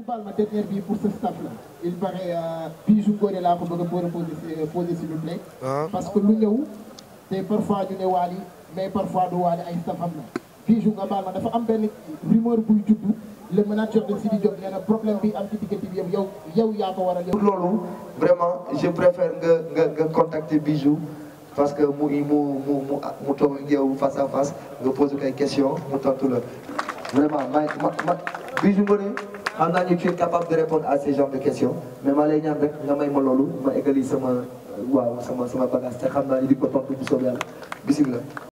ñu baal ma dernière bi pour ce staff la il paraît euh, Bijou Ngoné laa ko bëgg a poser poser euh, s'il vous plaît ah. parce que lu ñëw te parfois ñu ne ay staff am na Bijou nga baal ma dafa am benn rumeur buy juddu le de Sidi Diop nee na problème bi am ci diggante bi yëpp yaa ko waral yow loolu vraiment je préfère nga nga contacter Bijou parce que mu mu mu face à face nga poser ko ay mu tontu la vraiment ma ma Bijou xam naa ni tu es capable de répondre à ces genres de questions mais maa lay ñaan rek nga may ma loolu ma égali sama waaw sama sama bagage te xam naa ni di ko tontu bu soobee yàlla bisimilah.